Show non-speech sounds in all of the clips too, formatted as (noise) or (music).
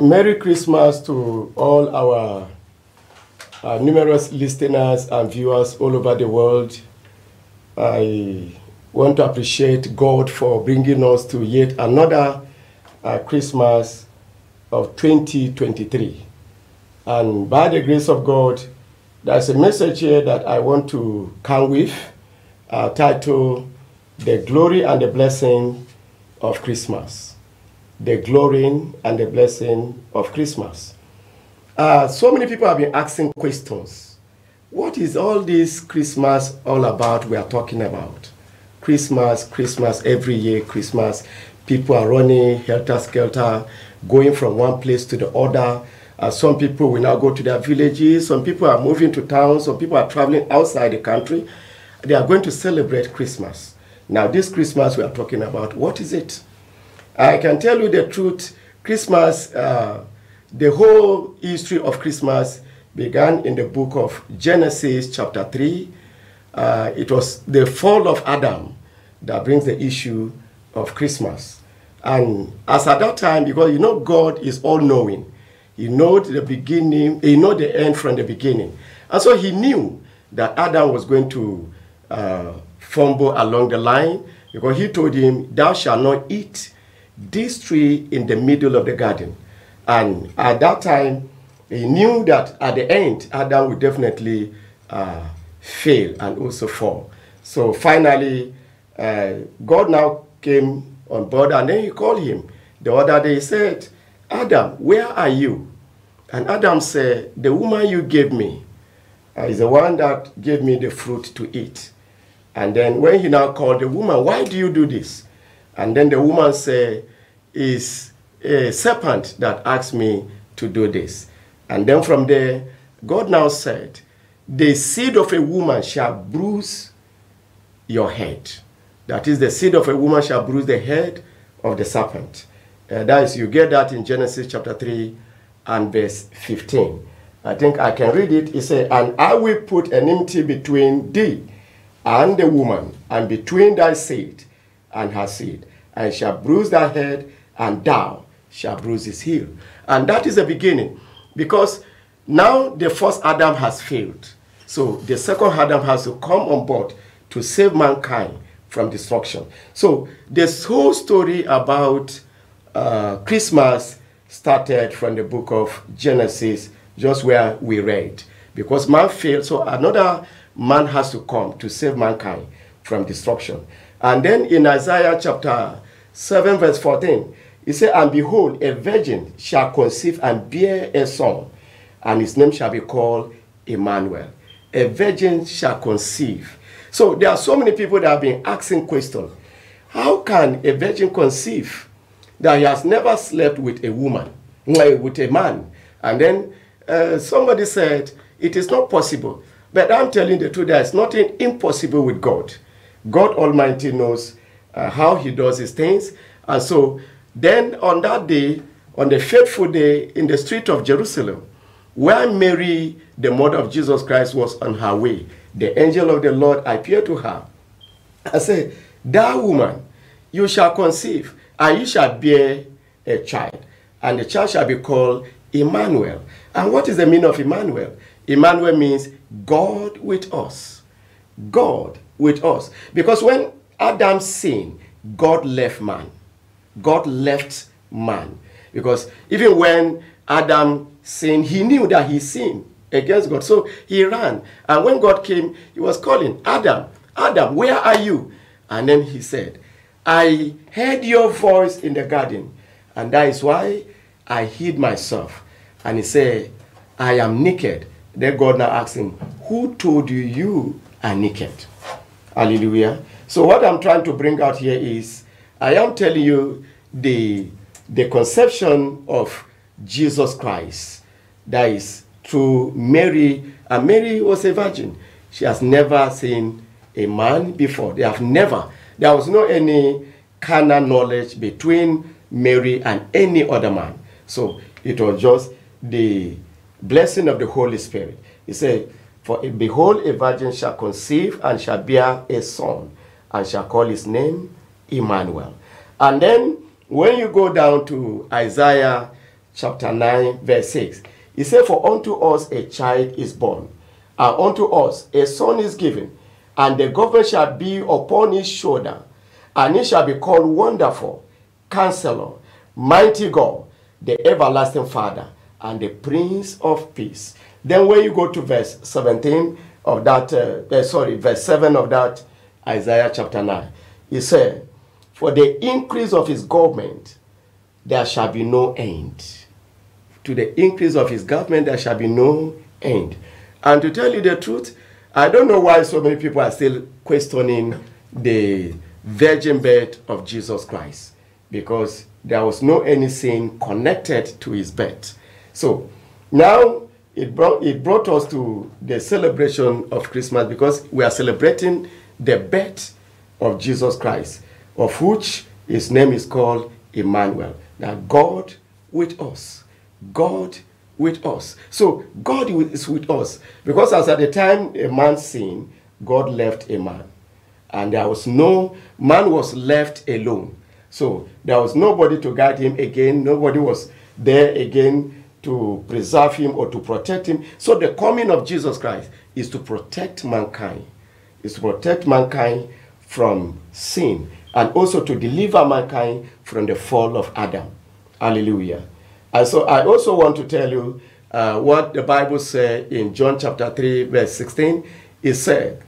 Merry Christmas to all our uh, numerous listeners and viewers all over the world. I want to appreciate God for bringing us to yet another uh, Christmas of 2023. And by the grace of God, there's a message here that I want to come with uh, titled The Glory and the Blessing of Christmas the glory and the blessing of Christmas. Uh, so many people have been asking questions. What is all this Christmas all about we are talking about? Christmas, Christmas, every year Christmas. People are running helter-skelter, going from one place to the other. Uh, some people will now go to their villages. Some people are moving to towns. Some people are traveling outside the country. They are going to celebrate Christmas. Now, this Christmas we are talking about, what is it? I can tell you the truth. Christmas, uh, the whole history of Christmas began in the book of Genesis, chapter 3. Uh, it was the fall of Adam that brings the issue of Christmas. And as at that time, because you know God is all knowing, He knows the beginning, He knows the end from the beginning. And so He knew that Adam was going to uh, fumble along the line because He told him, Thou shalt not eat this tree in the middle of the garden. And at that time, he knew that at the end, Adam would definitely uh, fail and also fall. So finally, uh, God now came on board and then he called him. The other day he said, Adam, where are you? And Adam said, The woman you gave me uh, is the one that gave me the fruit to eat. And then when he now called the woman, Why do you do this? And then the woman said, is a serpent that asked me to do this. And then from there, God now said, The seed of a woman shall bruise your head. That is, the seed of a woman shall bruise the head of the serpent. Uh, that is, you get that in Genesis chapter 3 and verse 15. I think I can read it. It says, And I will put enmity between thee and the woman, and between thy seed and her seed, and shall bruise thy head, and thou shall bruise his heel. And that is the beginning because now the first Adam has failed. So the second Adam has to come on board to save mankind from destruction. So this whole story about uh, Christmas started from the book of Genesis, just where we read. Because man failed, so another man has to come to save mankind from destruction. And then in Isaiah chapter 7, verse 14, he said, And behold, a virgin shall conceive and bear a son, and his name shall be called Emmanuel. A virgin shall conceive. So there are so many people that have been asking questions. How can a virgin conceive that he has never slept with a woman, eh, with a man? And then uh, somebody said, It is not possible. But I'm telling the truth, there is nothing impossible with God. God Almighty knows uh, how He does His things. And so then on that day, on the fateful day in the street of Jerusalem, where Mary, the mother of Jesus Christ, was on her way, the angel of the Lord appeared to her and said, Thou woman, you shall conceive, and you shall bear a child, and the child shall be called Emmanuel. And what is the meaning of Emmanuel? Emmanuel means God with us. God with us. Because when Adam sinned, God left man. God left man. Because even when Adam sinned, he knew that he sinned against God. So he ran. And when God came, he was calling, Adam, Adam, where are you? And then he said, I heard your voice in the garden, and that is why I hid myself. And he said, I am naked. Then God now asks him, Who told you you are naked? Hallelujah. So, what I'm trying to bring out here is I am telling you the, the conception of Jesus Christ that is through Mary. And Mary was a virgin. She has never seen a man before. They have never. There was no any carnal knowledge between Mary and any other man. So it was just the blessing of the Holy Spirit. He said, For behold, a virgin shall conceive and shall bear a son, and shall call his name Emmanuel. And then when you go down to Isaiah chapter 9, verse 6, he said, For unto us a child is born, and unto us a son is given, and the government shall be upon his shoulder, and he shall be called Wonderful, Counselor, Mighty God, the Everlasting Father, and the Prince of Peace. Then when you go to verse 17 of that, uh, eh, sorry, verse 7 of that Isaiah chapter 9, he said, for the increase of his government, there shall be no end. To the increase of his government, there shall be no end. And to tell you the truth, I don't know why so many people are still questioning the virgin birth of Jesus Christ because there was no anything connected to his birth. So now it brought, it brought us to the celebration of Christmas because we are celebrating the birth of Jesus Christ of which his name is called Emmanuel. Now, God with us. God with us. So, God is with us. Because as at the time a man sinned, God left a man. And there was no, man was left alone. So, there was nobody to guide him again. Nobody was there again to preserve him or to protect him. So, the coming of Jesus Christ is to protect mankind, is to protect mankind from sin and also to deliver mankind from the fall of Adam. Hallelujah. And so I also want to tell you uh, what the Bible said in John chapter 3, verse 16. It said,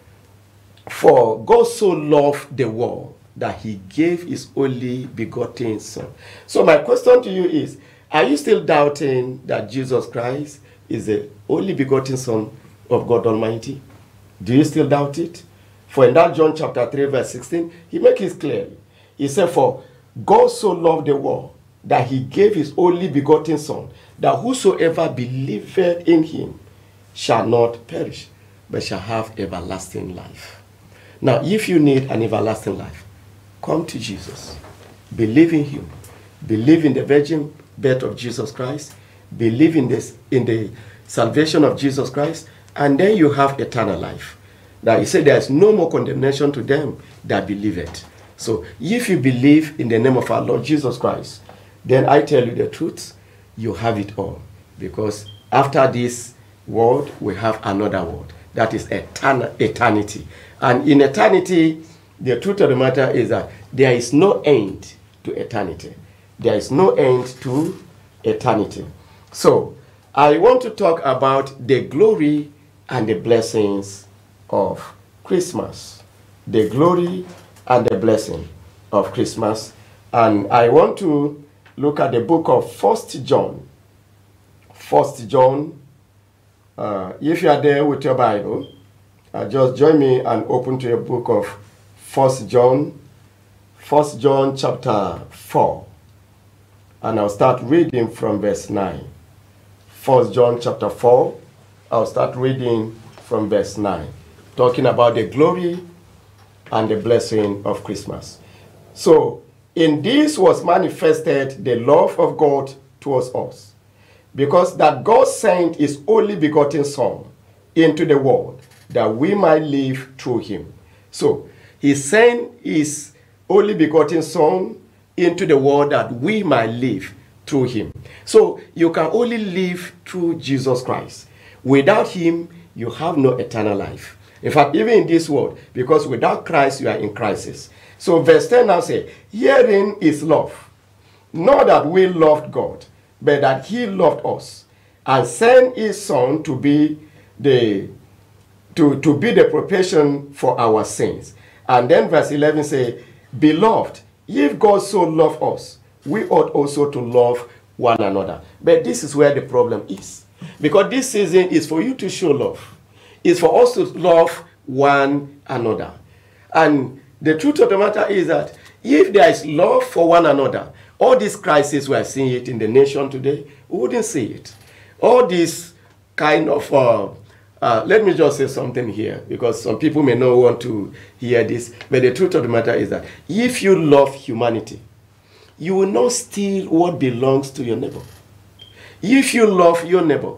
For God so loved the world that he gave his only begotten son. So my question to you is, are you still doubting that Jesus Christ is the only begotten son of God Almighty? Do you still doubt it? For in that John chapter 3, verse 16, he makes it clear. He said, For God so loved the world that he gave his only begotten Son, that whosoever believeth in him shall not perish, but shall have everlasting life. Now, if you need an everlasting life, come to Jesus. Believe in him. Believe in the virgin birth of Jesus Christ. Believe in, this, in the salvation of Jesus Christ. And then you have eternal life. That he said there's no more condemnation to them that believe it. So if you believe in the name of our Lord Jesus Christ, then I tell you the truth, you have it all. Because after this world, we have another world. That is etern- eternity. And in eternity, the truth of the matter is that there is no end to eternity. There is no end to eternity. So I want to talk about the glory and the blessings of Christmas, the glory and the blessing of Christmas. And I want to look at the book of First John. First John. Uh, if you are there with your Bible, uh, just join me and open to your book of First John. First John chapter 4. And I'll start reading from verse 9. First John chapter 4. I'll start reading from verse 9 talking about the glory and the blessing of Christmas. So, in this was manifested the love of God towards us, because that God sent his only begotten Son into the world that we might live through him. So, he sent his only begotten Son into the world that we might live through him. So, you can only live through Jesus Christ. Without him, you have no eternal life. In fact, even in this world, because without Christ, you are in crisis. So verse 10 now says, "Hearing is love. Not that we loved God, but that he loved us and sent his son to be the to, to be the propitiation for our sins. And then verse 11 says, Beloved, if God so loved us, we ought also to love one another. But this is where the problem is. Because this season is for you to show love is for us to love one another. And the truth of the matter is that if there is love for one another, all these crises we are seeing it in the nation today, we wouldn't see it. All this kind of, uh, uh, let me just say something here, because some people may not want to hear this, but the truth of the matter is that if you love humanity, you will not steal what belongs to your neighbor. If you love your neighbor,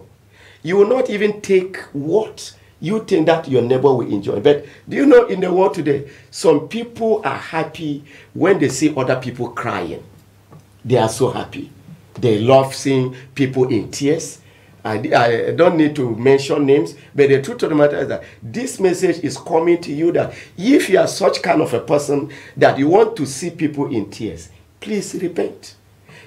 you will not even take what you think that your neighbor will enjoy. But do you know in the world today, some people are happy when they see other people crying. They are so happy. They love seeing people in tears. I, I don't need to mention names, but the truth of the matter is that this message is coming to you that if you are such kind of a person that you want to see people in tears, please repent.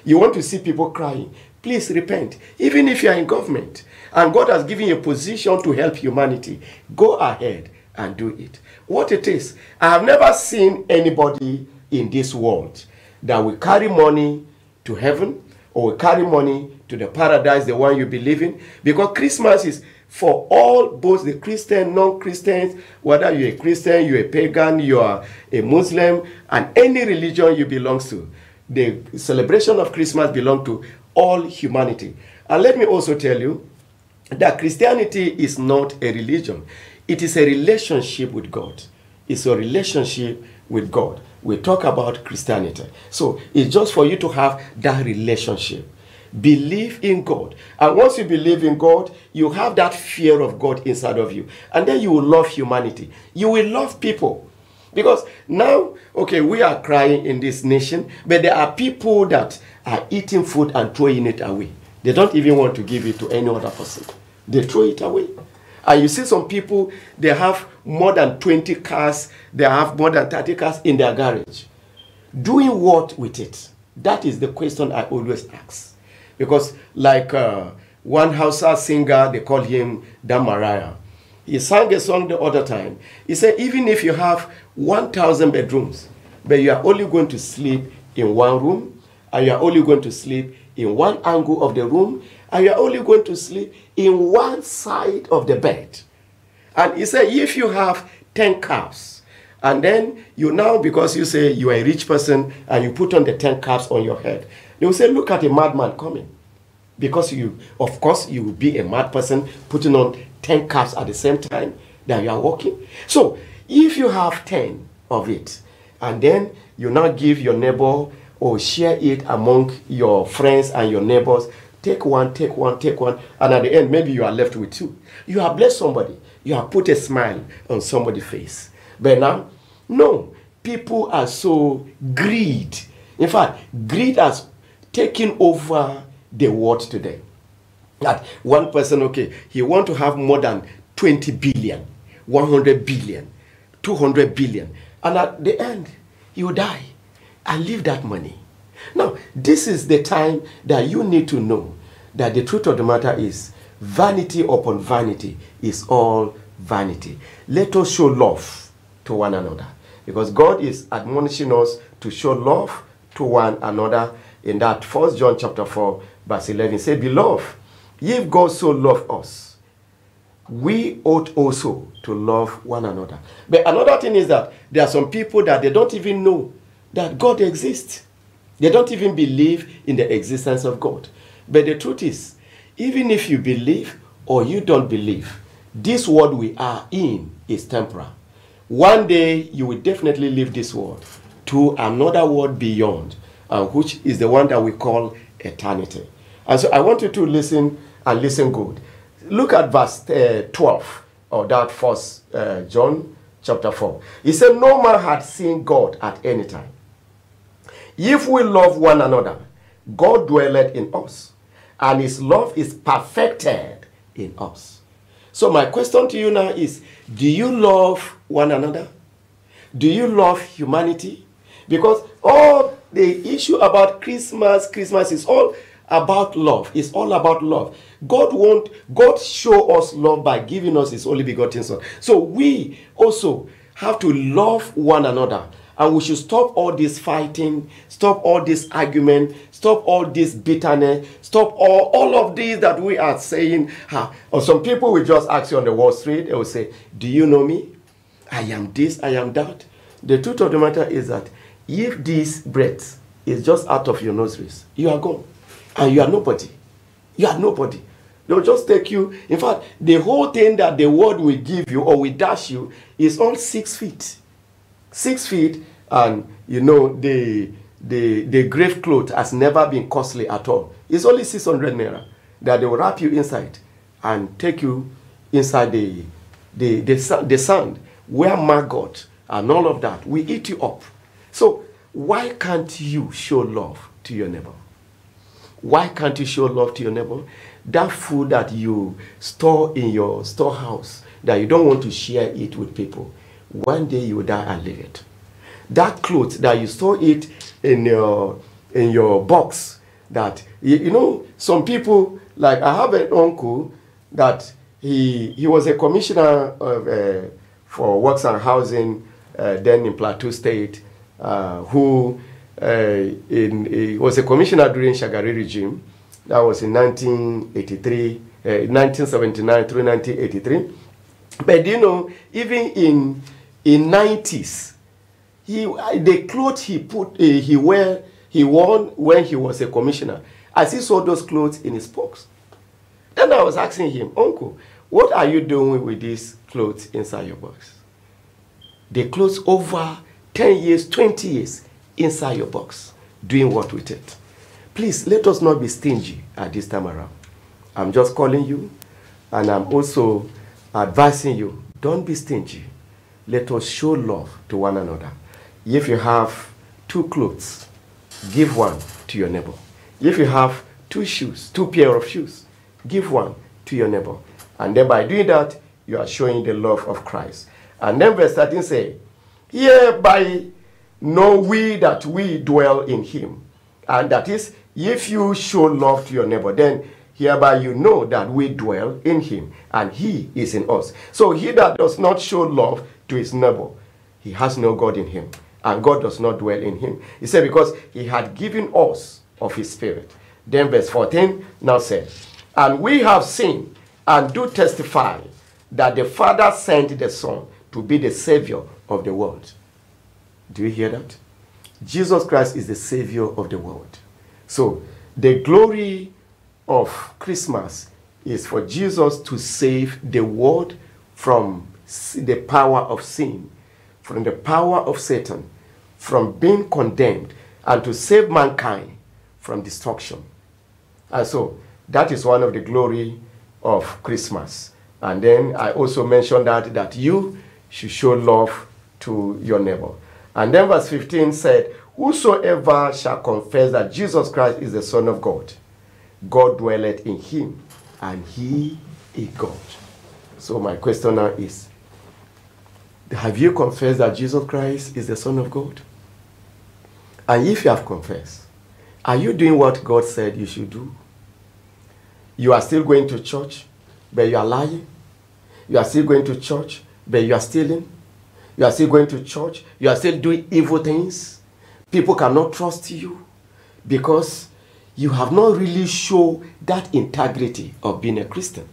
You want to see people crying, please repent. Even if you are in government and God has given you a position to help humanity, go ahead and do it. What it is, I have never seen anybody in this world that will carry money to heaven or will carry money to the paradise, the one you believe in. Because Christmas is for all, both the Christian, non-Christians, whether you're a Christian, you're a pagan, you're a Muslim, and any religion you belong to. The celebration of Christmas belongs to all humanity. And let me also tell you that Christianity is not a religion. It is a relationship with God. It's a relationship with God. We talk about Christianity. So it's just for you to have that relationship. Believe in God. And once you believe in God, you have that fear of God inside of you. And then you will love humanity. You will love people. Because now, okay, we are crying in this nation, but there are people that are eating food and throwing it away. They don't even want to give it to any other person. They throw it away. And you see some people, they have more than 20 cars, they have more than 30 cars in their garage. Doing what with it? That is the question I always ask. Because like uh, one Hausa singer, they call him Damaria. He sang a song the other time. He said, even if you have 1,000 bedrooms, but you are only going to sleep in one room, and you are only going to sleep in one angle of the room, and you are only going to sleep in one side of the bed. And he said, if you have 10 cups, and then you now, because you say you are a rich person and you put on the 10 cups on your head, they will say, look at a madman coming. Because you, of course, you will be a mad person putting on 10 cups at the same time that you are walking. So if you have 10 of it, and then you now give your neighbor or share it among your friends and your neighbors, take one, take one, take one, and at the end, maybe you are left with two. You have blessed somebody, you have put a smile on somebody's face. But now, no, people are so greed. In fact, greed has taken over the world today. That one person, okay, he want to have more than 20 billion, 100 billion. 200 billion. And at the end, you die. and leave that money. Now, this is the time that you need to know that the truth of the matter is vanity upon vanity is all vanity. Let us show love to one another because God is admonishing us to show love to one another in that First John chapter 4 verse 11 say, Beloved, if God so loved us, we ought also to love one another. But another thing is that there are some people that they don't even know that God exists. They don't even believe in the existence of God. But the truth is, even if you believe or you don't believe, this world we are in is temporal. One day you will definitely leave this world to another world beyond, uh, which is the one that we call eternity. And so I want you to listen and listen good look at verse uh, 12 or that first uh, John chapter 4. He said, No man had seen God at any time. If we love one another, God dwelleth in us, and his love is perfected in us. So my question to you now is, do you love one another? Do you love humanity? Because all the issue about Christmas, Christmas is all about love. It's all about love. God won't God show us love by giving us his only begotten son. So we also have to love one another. And we should stop all this fighting, stop all this argument, stop all this bitterness, stop all, all of these that we are saying. Ha. Or some people will just ask you on the Wall Street, they will say, Do you know me? I am this, I am that. The truth of the matter is that if this breath is just out of your nostrils, you are gone and you are nobody. You are nobody. They'll just take you. In fact, the whole thing that the world will give you or will dash you is all six feet. Six feet, and you know, the, the, the grave cloth has never been costly at all. It's only 600 naira that they will wrap you inside and take you inside the, the, the, the sand where maggot and all of that will eat you up. So, why can't you show love to your neighbor? Why can't you show love to your neighbor? That food that you store in your storehouse, that you don't want to share it with people, one day you will die and leave it. That clothes that you store it in your, in your box, that, you, you know, some people, like I have an uncle that he, he was a commissioner of, uh, for works and housing uh, then in Plateau State, uh, who uh, in uh, was a commissioner during Shagari regime. That was in 1983, uh, 1979 through 1983. But you know, even in in 90s, he uh, the clothes he put uh, he wear he worn when he was a commissioner. As he saw those clothes in his box, then I was asking him, Uncle, what are you doing with these clothes inside your box? The clothes over 10 years, 20 years inside your box, doing what with it. Please, let us not be stingy at this time around. I'm just calling you, and I'm also advising you, don't be stingy. Let us show love to one another. If you have two clothes, give one to your neighbor. If you have two shoes, two pair of shoes, give one to your neighbor. And then by doing that, you are showing the love of Christ. And then verse 13 say, by." know we that we dwell in him. And that is, if you show love to your neighbor, then hereby you know that we dwell in him and he is in us. So he that does not show love to his neighbor, he has no God in him and God does not dwell in him. He said, because he had given us of his spirit. Then verse 14 now says, and we have seen and do testify that the Father sent the Son to be the Savior of the world. Do you hear that? Jesus Christ is the Savior of the world. So the glory of Christmas is for Jesus to save the world from the power of sin, from the power of Satan, from being condemned, and to save mankind from destruction. And so that is one of the glory of Christmas. And then I also mentioned that, that you should show love to your neighbor. And then verse 15 said, Whosoever shall confess that Jesus Christ is the Son of God, God dwelleth in him, and he is God. So my question now is, have you confessed that Jesus Christ is the Son of God? And if you have confessed, are you doing what God said you should do? You are still going to church, but you are lying. You are still going to church, but you are stealing. You are still going to church. You are still doing evil things. People cannot trust you because you have not really shown that integrity of being a Christian.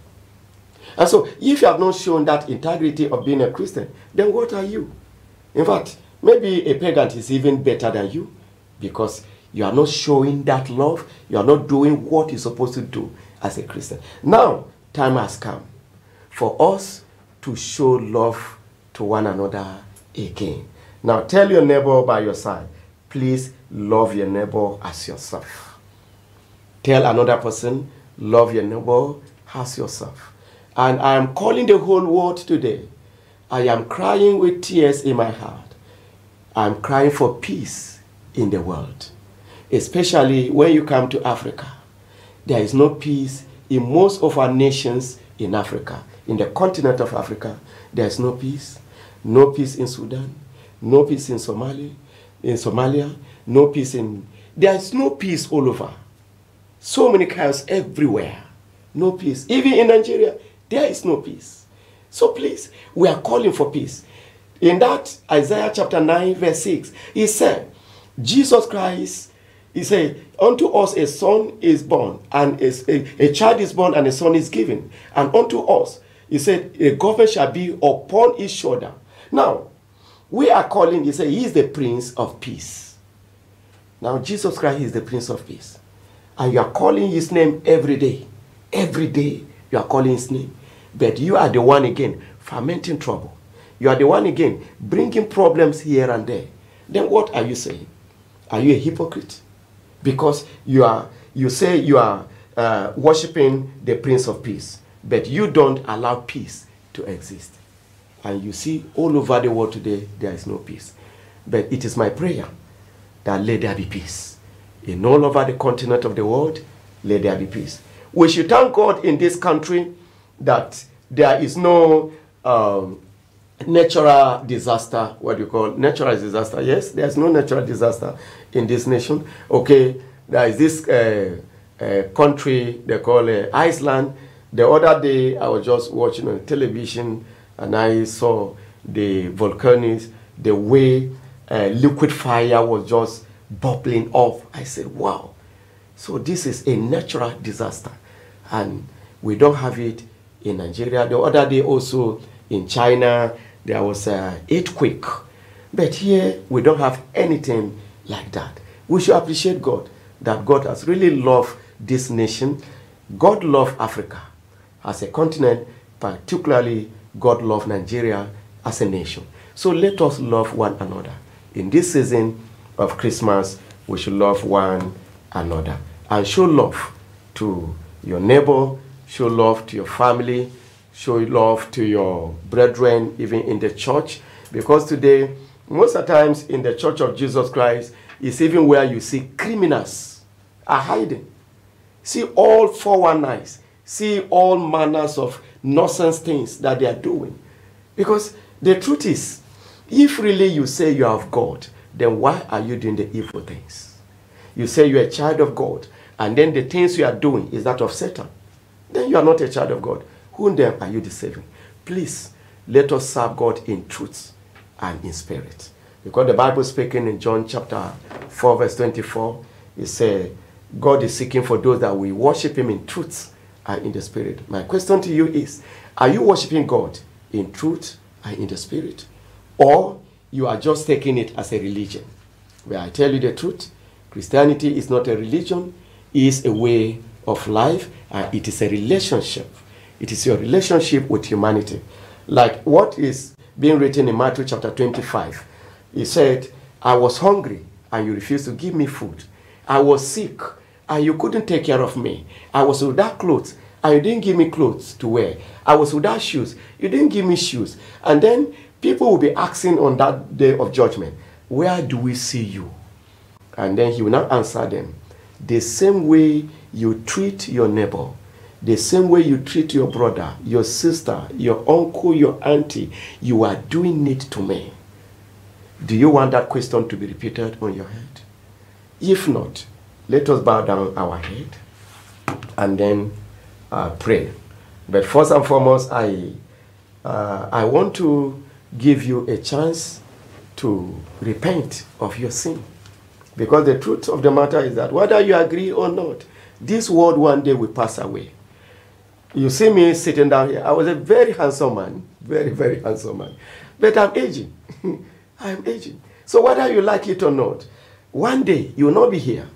And so, if you have not shown that integrity of being a Christian, then what are you? In fact, maybe a pagan is even better than you because you are not showing that love. You are not doing what you're supposed to do as a Christian. Now, time has come for us to show love to one another again. Now tell your neighbor by your side, please love your neighbor as yourself. Tell another person, love your neighbor as yourself. And I am calling the whole world today. I am crying with tears in my heart. I am crying for peace in the world. Especially when you come to Africa. There is no peace in most of our nations in Africa. In the continent of Africa, there is no peace. No peace in Sudan, no peace in Somalia, in Somalia, no peace in there is no peace all over. So many chaos everywhere. No peace. Even in Nigeria, there is no peace. So please, we are calling for peace. In that Isaiah chapter 9, verse 6, he said, Jesus Christ, he said, Unto us a son is born, and a, a, a child is born, and a son is given. And unto us, he said, A government shall be upon his shoulder, now, we are calling, they say, He is the Prince of Peace. Now, Jesus Christ is the Prince of Peace. And you are calling His name every day. Every day you are calling His name. But you are the one again fermenting trouble. You are the one again bringing problems here and there. Then what are you saying? Are you a hypocrite? Because you are you say you are uh, worshiping the Prince of Peace, but you don't allow peace to exist. And you see, all over the world today, there is no peace. But it is my prayer that let there be peace. In all over the continent of the world, let there be peace. We should thank God in this country that there is no um, natural disaster, what do you call natural disaster? Yes, there's no natural disaster in this nation. Okay, there is this uh, uh, country they call uh, Iceland. The other day, I was just watching on television and I saw the volcanoes, the way uh, liquid fire was just bubbling off. I said, wow. So this is a natural disaster. And we don't have it in Nigeria. The other day also in China, there was an earthquake. But here, we don't have anything like that. We should appreciate God, that God has really loved this nation. God loved Africa as a continent, particularly God love Nigeria as a nation. So let us love one another. In this season of Christmas, we should love one another and show love to your neighbor, show love to your family, show love to your brethren, even in the church. Because today, most of the times in the church of Jesus Christ, is even where you see criminals are hiding. See all one eyes see all manners of nonsense things that they are doing. Because the truth is, if really you say you have God, then why are you doing the evil things? You say you're a child of God, and then the things you are doing is that of Satan. Then you are not a child of God. Whom then are you deceiving? Please, let us serve God in truth and in spirit. Because the Bible speaking in John chapter 4, verse 24, it says, God is seeking for those that will worship him in truth in the spirit. My question to you is, are you worshiping God in truth and in the spirit? Or you are just taking it as a religion? Where I tell you the truth, Christianity is not a religion, it is a way of life, and it is a relationship. It is your relationship with humanity. Like what is being written in Matthew chapter 25. He said, I was hungry and you refused to give me food. I was sick and you couldn't take care of me. I was without clothes and you didn't give me clothes to wear. I was without shoes. You didn't give me shoes. And then people will be asking on that day of judgment, Where do we see you? And then he will not answer them. The same way you treat your neighbor, the same way you treat your brother, your sister, your uncle, your auntie, you are doing it to me. Do you want that question to be repeated on your head? If not, let us bow down our head and then uh, pray. But first and foremost, I, uh, I want to give you a chance to repent of your sin. Because the truth of the matter is that whether you agree or not, this world one day will pass away. You see me sitting down here. I was a very handsome man, very, very handsome man. But I'm aging. (laughs) I'm aging. So whether you like it or not, one day you will not be here.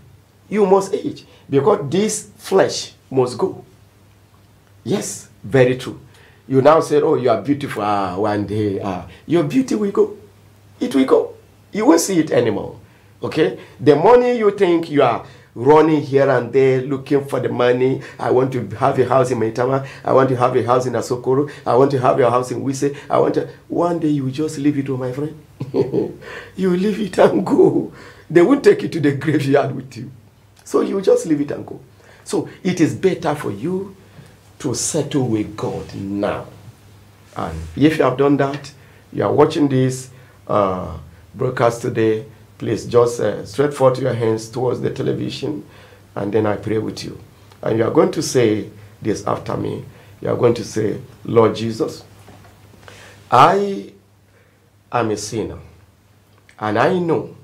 You must age because this flesh must go. Yes, very true. You now say, oh, you are beautiful. Ah, one day, ah, your beauty will go. It will go. You won't see it anymore. Okay? The money you think you are running here and there looking for the money. I want to have a house in Maitama. I want to have a house in Asokoro. I want to have a house in Wise. I want to. One day you just leave it, oh my friend. (laughs) you leave it and go. They won't take it to the graveyard with you. So you just leave it and go. So it is better for you to settle with God now. And if you have done that, you are watching this uh, broadcast today, please just uh, stretch forth your hands towards the television and then I pray with you. And you are going to say this after me. You are going to say, Lord Jesus, I am a sinner and I know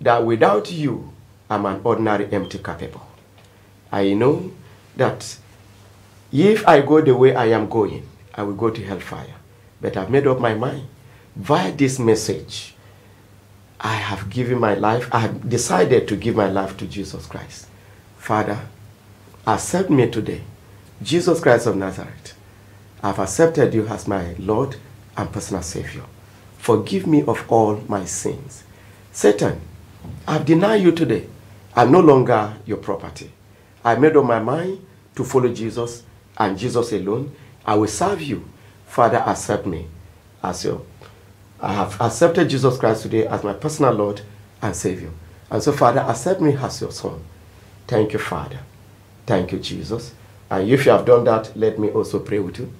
that without you, I'm an ordinary empty cup. I know that if I go the way I am going, I will go to hellfire. But I've made up my mind. Via this message, I have given my life, I have decided to give my life to Jesus Christ. Father, accept me today. Jesus Christ of Nazareth, I've accepted you as my Lord and personal Savior. Forgive me of all my sins. Satan, I've denied you today. I'm no longer your property. I made up my mind to follow Jesus and Jesus alone, I will serve you. Father, accept me as your. I have accepted Jesus Christ today as my personal Lord and Savior. And so, Father, accept me as your son. Thank you, Father. Thank you, Jesus. And if you have done that, let me also pray with you.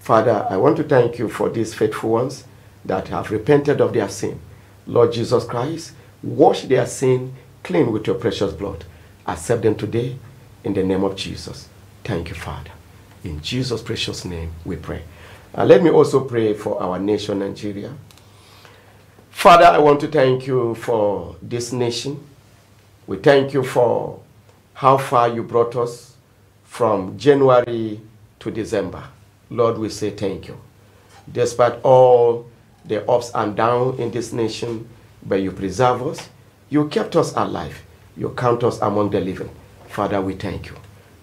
Father, I want to thank you for these faithful ones that have repented of their sin. Lord Jesus Christ, wash their sin clean with your precious blood. Accept them today in the name of Jesus. Thank you, Father. In Jesus' precious name we pray. And uh, let me also pray for our nation, Nigeria. Father, I want to thank you for this nation. We thank you for how far you brought us from January to December. Lord, we say thank you. Despite all the ups and downs in this nation, but you preserve us, you kept us alive, you count us among the living. Father, we thank you.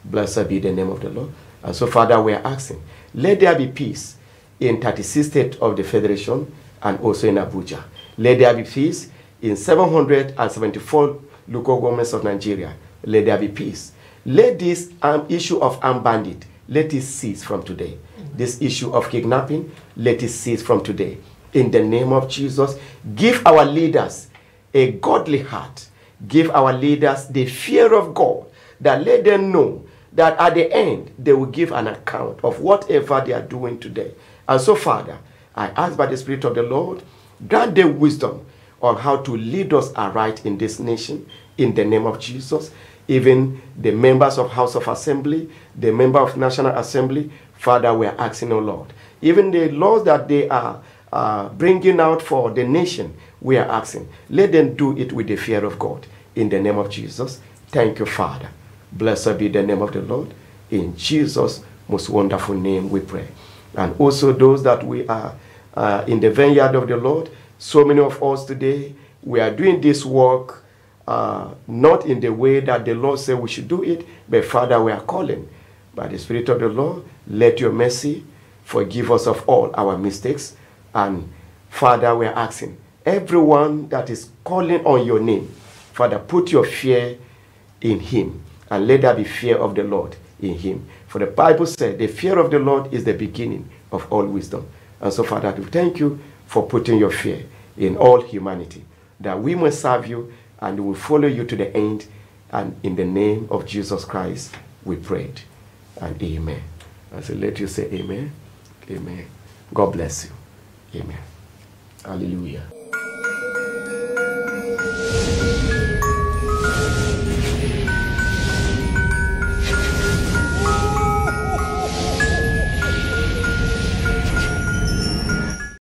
Blessed be the name of the Lord. And uh, so, Father, we are asking, let there be peace in 36 states of the Federation and also in Abuja. Let there be peace in 774 local governments of Nigeria. Let there be peace. Let this um, issue of armed bandit, let it cease from today. This issue of kidnapping, let it cease from today. In the name of Jesus, give our leaders a godly heart. Give our leaders the fear of God that let them know that at the end they will give an account of whatever they are doing today. And so, Father, I ask by the Spirit of the Lord, grant them wisdom on how to lead us aright in this nation in the name of Jesus. Even the members of House of Assembly, the member of National Assembly, Father, we are asking, O oh Lord. Even the laws that they are uh, bringing out for the nation, we are asking, let them do it with the fear of God. In the name of Jesus, thank you, Father. Blessed be the name of the Lord. In Jesus' most wonderful name we pray. And also those that we are uh, in the vineyard of the Lord, so many of us today, we are doing this work uh, not in the way that the Lord said we should do it, but Father, we are calling. By the Spirit of the Lord, let your mercy forgive us of all our mistakes. And Father, we are asking everyone that is calling on your name, Father, put your fear in him and let there be fear of the Lord in him. For the Bible said, the fear of the Lord is the beginning of all wisdom. And so, Father, we thank you for putting your fear in all humanity, that we may serve you and will follow you to the end. And in the name of Jesus Christ, we prayed. And amen. I say, let you say amen. Amen. God bless you. Amen. Hallelujah.